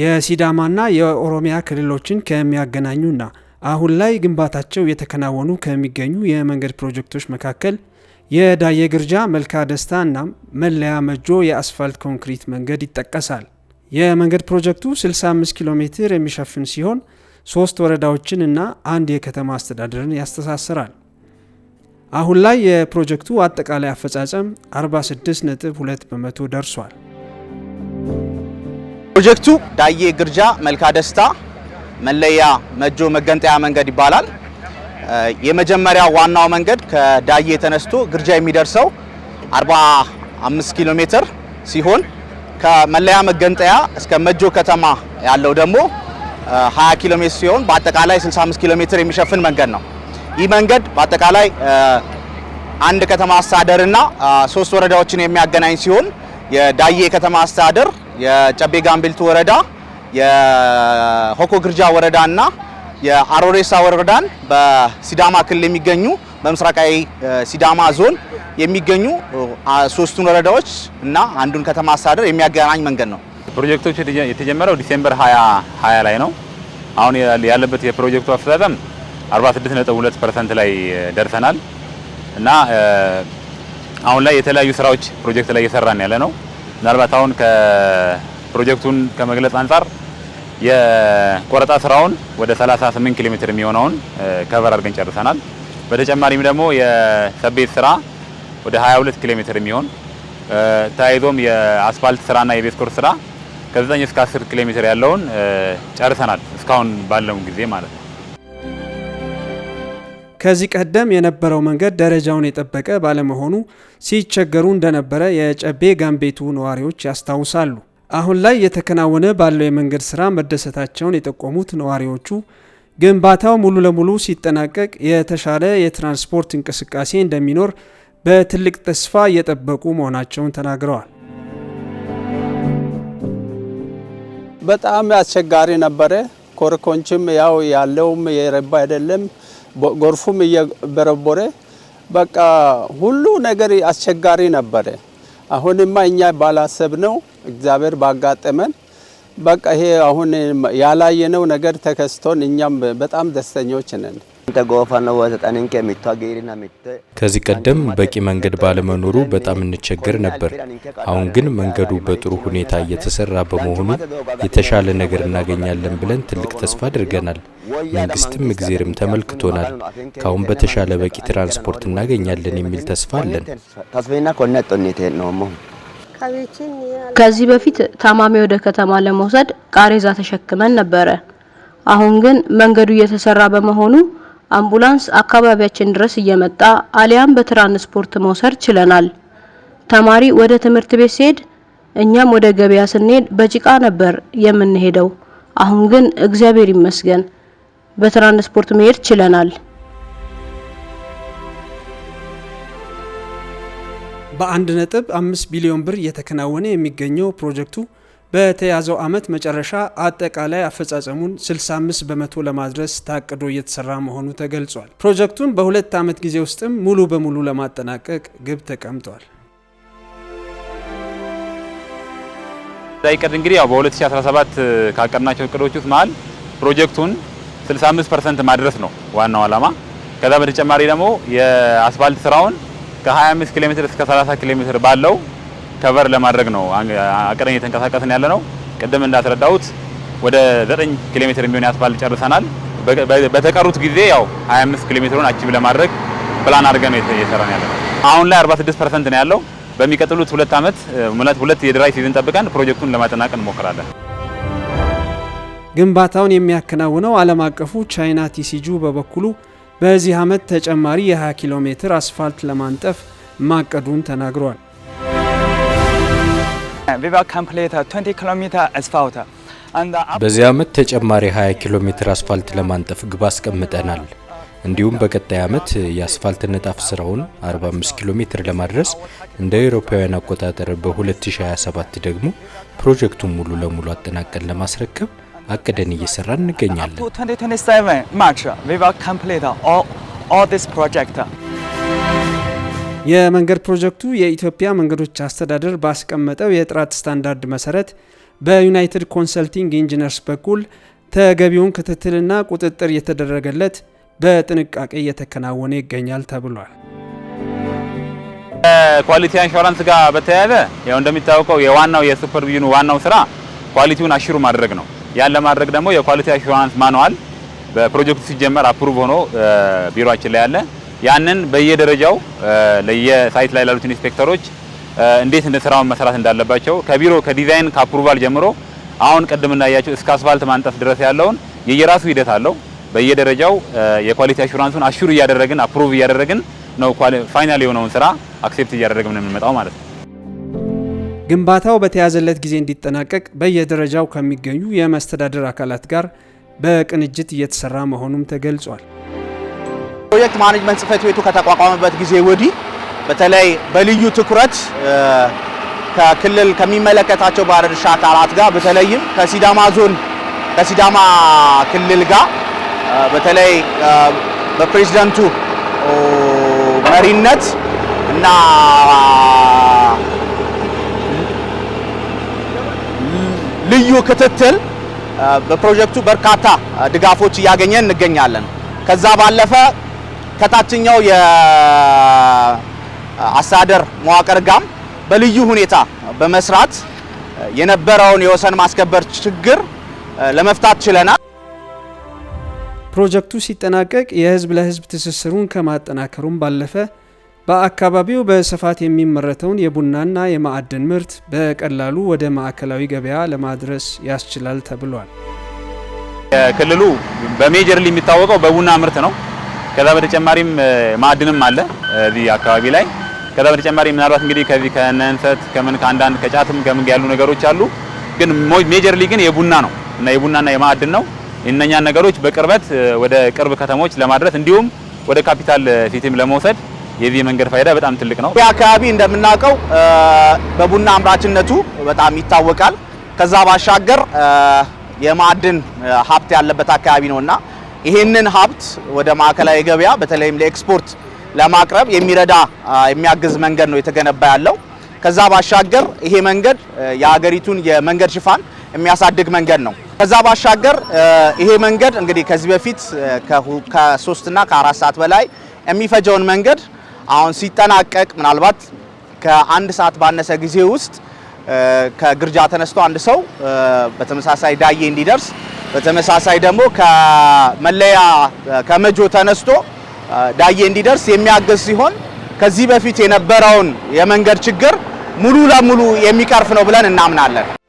የሲዳማና የኦሮሚያ ክልሎችን ከሚያገናኙና አሁን ላይ ግንባታቸው የተከናወኑ ከሚገኙ የመንገድ ፕሮጀክቶች መካከል የዳየ ግርጃ መልካ ደስታ እና መለያ መጆ የአስፋልት ኮንክሪት መንገድ ይጠቀሳል። የመንገድ ፕሮጀክቱ 65 ኪሎ ሜትር የሚሸፍን ሲሆን ሶስት ወረዳዎችን እና አንድ የከተማ አስተዳደርን ያስተሳስራል። አሁን ላይ የፕሮጀክቱ አጠቃላይ አፈጻጸም 46.2 በመቶ ደርሷል። ፕሮጀክቱ ዳዬ ግርጃ መልካ ደስታ መለያ መጆ መገንጠያ መንገድ ይባላል። የመጀመሪያ ዋናው መንገድ ከዳዬ ተነስቶ ግርጃ የሚደርሰው 45 ኪሎ ሜትር ሲሆን ከመለያ መገንጠያ እስከ መጆ ከተማ ያለው ደግሞ 20 ኪሎ ሜትር ሲሆን በአጠቃላይ 65 ኪሎ ሜትር የሚሸፍን መንገድ ነው። ይህ መንገድ በአጠቃላይ አንድ ከተማ አስተዳደርና ሶስት ወረዳዎችን የሚያገናኝ ሲሆን የዳዬ ከተማ አስተዳደር የጨቤ ጋምቤልቱ ወረዳ የሆኮ ግርጃ እና የአሮሬሳ ወረዳን በሲዳማ ክልል የሚገኙ በምስራቃዊ ሲዳማ ዞን የሚገኙ ሶስቱን ወረዳዎች እና አንዱን ከተማ አስተዳደር የሚያገናኝ መንገድ ነው። ፕሮጀክቶች የተጀመረው ዲሴምበር 2020 ላይ ነው። አሁን ያለበት የፕሮጀክቱ አፈጻጸም 46.2% ላይ ደርሰናል እና አሁን ላይ የተለያዩ ስራዎች ፕሮጀክት ላይ እየሰራን ያለ ነው። ምናልባት አሁን ከፕሮጀክቱን ከመግለጽ አንጻር የቆረጣ ስራውን ወደ 38 ኪሎ ሜትር የሚሆነውን ከቨር አድርገን ጨርሰናል። በተጨማሪም ደግሞ የሰቤት ስራ ወደ 22 ኪሎ ሜትር የሚሆን ተያይዞም የአስፋልት ስራና የቤዝ ኮርስ ስራ ከ9 እስከ 10 ኪሎ ሜትር ያለውን ጨርሰናል እስካሁን ባለው ጊዜ ማለት ነው። ከዚህ ቀደም የነበረው መንገድ ደረጃውን የጠበቀ ባለመሆኑ ሲቸገሩ እንደነበረ የጨቤ ጋምቤቱ ነዋሪዎች ያስታውሳሉ። አሁን ላይ የተከናወነ ባለው የመንገድ ስራ መደሰታቸውን የጠቆሙት ነዋሪዎቹ ግንባታው ሙሉ ለሙሉ ሲጠናቀቅ የተሻለ የትራንስፖርት እንቅስቃሴ እንደሚኖር በትልቅ ተስፋ እየጠበቁ መሆናቸውን ተናግረዋል። በጣም አስቸጋሪ ነበረ። ኮርኮንችም ያው ያለውም የረባ አይደለም ጎርፉም እየበረቦረ በቃ ሁሉ ነገር አስቸጋሪ ነበረ። አሁንማ እኛ ባላሰብ ነው እግዚአብሔር ባጋጠመን በቃ ይሄ አሁን ያላየነው ነገር ተከስቶን እኛም በጣም ደስተኞች ነን። ከዚህ ቀደም በቂ መንገድ ባለመኖሩ በጣም እንቸገር ነበር። አሁን ግን መንገዱ በጥሩ ሁኔታ እየተሰራ በመሆኑ የተሻለ ነገር እናገኛለን ብለን ትልቅ ተስፋ አድርገናል። መንግስትም እግዜርም ተመልክቶናል። ካሁን በተሻለ በቂ ትራንስፖርት እናገኛለን የሚል ተስፋ አለን። ከዚህ በፊት ታማሚ ወደ ከተማ ለመውሰድ ቃሬዛ ተሸክመን ነበረ። አሁን ግን መንገዱ እየተሰራ በመሆኑ አምቡላንስ አካባቢያችን ድረስ እየመጣ አሊያም በትራንስፖርት መውሰድ ችለናል። ተማሪ ወደ ትምህርት ቤት ሲሄድ እኛም ወደ ገበያ ስንሄድ በጭቃ ነበር የምንሄደው። አሁን ግን እግዚአብሔር ይመስገን በትራንስፖርት መሄድ ችለናል። በአንድ ነጥብ አምስት ቢሊዮን ብር እየተከናወነ የሚገኘው ፕሮጀክቱ በተያዘው ዓመት መጨረሻ አጠቃላይ አፈጻጸሙን 65 በመቶ ለማድረስ ታቅዶ እየተሰራ መሆኑ ተገልጿል። ፕሮጀክቱን በሁለት ዓመት ጊዜ ውስጥም ሙሉ በሙሉ ለማጠናቀቅ ግብ ተቀምጧል። ራይ እንግዲህ ያው በ2017 ካቀድናቸው እቅዶች ውስጥ መሀል ፕሮጀክቱን 65% ማድረስ ነው ዋናው ዓላማ። ከዛ በተጨማሪ ደግሞ የአስፋልት ስራውን ከ25 ኪሎ ሜትር እስከ 30 ኪሎ ሜትር ባለው ከቨር ለማድረግ ነው አቅደን እየተንቀሳቀስን ያለ ነው። ቅድም እንዳስረዳሁት ወደ 9 ኪሎ ሜትር የሚሆን አስፋልት ጨርሰናል። በተቀሩት ጊዜ ያው 25 ኪሎ ሜትሩን አቺቭ ለማድረግ ፕላን አድርገን እየሰራን ያለ ነው። አሁን ላይ 46% ነው ያለው። በሚቀጥሉት ሁለት ዓመት ሙላት ሁለት የድራይ ሲዝን ጠብቀን ፕሮጀክቱን ለማጠናቀቅ እንሞክራለን። ግንባታውን የሚያከናውነው ዓለም አቀፉ ቻይና ቲሲጁ በበኩሉ በዚህ ዓመት ተጨማሪ የ20 ኪሎ ሜትር አስፋልት ለማንጠፍ ማቀዱን ተናግሯል። በዚህ ዓመት ተጨማሪ 20 ኪሎ ሜትር አስፋልት ለማንጠፍ ግብ አስቀምጠናል። እንዲሁም በቀጣይ ዓመት የአስፋልት ንጣፍ ስራውን 45 ኪሎ ሜትር ለማድረስ እንደ አውሮፓውያን አቆጣጠር በ2027 ደግሞ ፕሮጀክቱን ሙሉ ለሙሉ አጠናቀን ለማስረከብ አቅደን እየሰራን እንገኛለን። የመንገድ ፕሮጀክቱ የኢትዮጵያ መንገዶች አስተዳደር ባስቀመጠው የጥራት ስታንዳርድ መሰረት በዩናይትድ ኮንሰልቲንግ ኢንጂነርስ በኩል ተገቢውን ክትትልና ቁጥጥር የተደረገለት በጥንቃቄ እየተከናወነ ይገኛል ተብሏል። ከኳሊቲ ኢንሹራንስ ጋር በተያያዘ ያው እንደሚታወቀው የዋናው የሱፐርቪዥኑ ዋናው ስራ ኳሊቲውን አሽሩ ማድረግ ነው። ያን ለማድረግ ደግሞ የኳሊቲ ኢንሹራንስ ማኑዋል በፕሮጀክቱ ሲጀመር አፕሩቭ ሆኖ ቢሮአችን ላይ አለ። ያንን በየደረጃው ለየሳይት ላይ ላሉት ኢንስፔክተሮች እንዴት እንደ ስራውን መሰራት እንዳለባቸው ከቢሮ ከዲዛይን ከአፕሩቫል ጀምሮ አሁን ቅድም እንዳያቸው እስከ አስፋልት ማንጠፍ ድረስ ያለውን የየራሱ ሂደት አለው። በየደረጃው የኳሊቲ አሹራንሱን አሹር እያደረግን አፕሩቭ እያደረግን ነው ፋይናል የሆነውን ስራ አክሴፕት እያደረግን የምንመጣው ማለት ነው። ግንባታው በተያዘለት ጊዜ እንዲጠናቀቅ በየደረጃው ከሚገኙ የመስተዳደር አካላት ጋር በቅንጅት እየተሰራ መሆኑም ተገልጿል። የፕሮጀክት ማኔጅመንት ጽህፈት ቤቱ ከተቋቋመበት ጊዜ ወዲህ በተለይ በልዩ ትኩረት ከክልል ከሚመለከታቸው ባለድርሻ አካላት ጋር በተለይም ከሲዳማ ዞን ከሲዳማ ክልል ጋር በተለይ በፕሬዝዳንቱ መሪነት እና ልዩ ክትትል በፕሮጀክቱ በርካታ ድጋፎች እያገኘ እንገኛለን። ከዛ ባለፈ ከታችኛው የአስተዳደር መዋቅር ጋም በልዩ ሁኔታ በመስራት የነበረውን የወሰን ማስከበር ችግር ለመፍታት ችለናል። ፕሮጀክቱ ሲጠናቀቅ የህዝብ ለህዝብ ትስስሩን ከማጠናከሩም ባለፈ በአካባቢው በስፋት የሚመረተውን የቡናና የማዕድን ምርት በቀላሉ ወደ ማዕከላዊ ገበያ ለማድረስ ያስችላል ተብሏል። ክልሉ በሜጀር የሚታወቀው በቡና ምርት ነው። ከዛ በተጨማሪም ማዕድንም አለ እዚህ አካባቢ ላይ። ከዛ በተጨማሪ ምናልባት እንግዲህ ከዚህ ከነንሰት ከምን ከአንዳንድ ከጫትም ከምን ያሉ ነገሮች አሉ፣ ግን ሜጀርሊ ግን የቡና ነው እና የቡናና የማዕድን ነው። እነኛን ነገሮች በቅርበት ወደ ቅርብ ከተሞች ለማድረስ እንዲሁም ወደ ካፒታል ሲቲም ለመውሰድ የዚህ መንገድ ፋይዳ በጣም ትልቅ ነው። አካባቢ እንደምናውቀው በቡና አምራችነቱ በጣም ይታወቃል። ከዛ ባሻገር የማዕድን ሀብት ያለበት አካባቢ ነውና ይህንን ሀብት ወደ ማዕከላዊ ገበያ በተለይም ለኤክስፖርት ለማቅረብ የሚረዳ የሚያግዝ መንገድ ነው የተገነባ ያለው። ከዛ ባሻገር ይሄ መንገድ የሀገሪቱን የመንገድ ሽፋን የሚያሳድግ መንገድ ነው። ከዛ ባሻገር ይሄ መንገድ እንግዲህ ከዚህ በፊት ከሶስትና ከአራት ሰዓት በላይ የሚፈጀውን መንገድ አሁን ሲጠናቀቅ ምናልባት ከአንድ ሰዓት ባነሰ ጊዜ ውስጥ ከግርጃ ተነስቶ አንድ ሰው በተመሳሳይ ዳዬ እንዲደርስ በተመሳሳይ ደግሞ ከመለያ ከመጆ ተነስቶ ዳዬ እንዲደርስ የሚያግዝ ሲሆን ከዚህ በፊት የነበረውን የመንገድ ችግር ሙሉ ለሙሉ የሚቀርፍ ነው ብለን እናምናለን።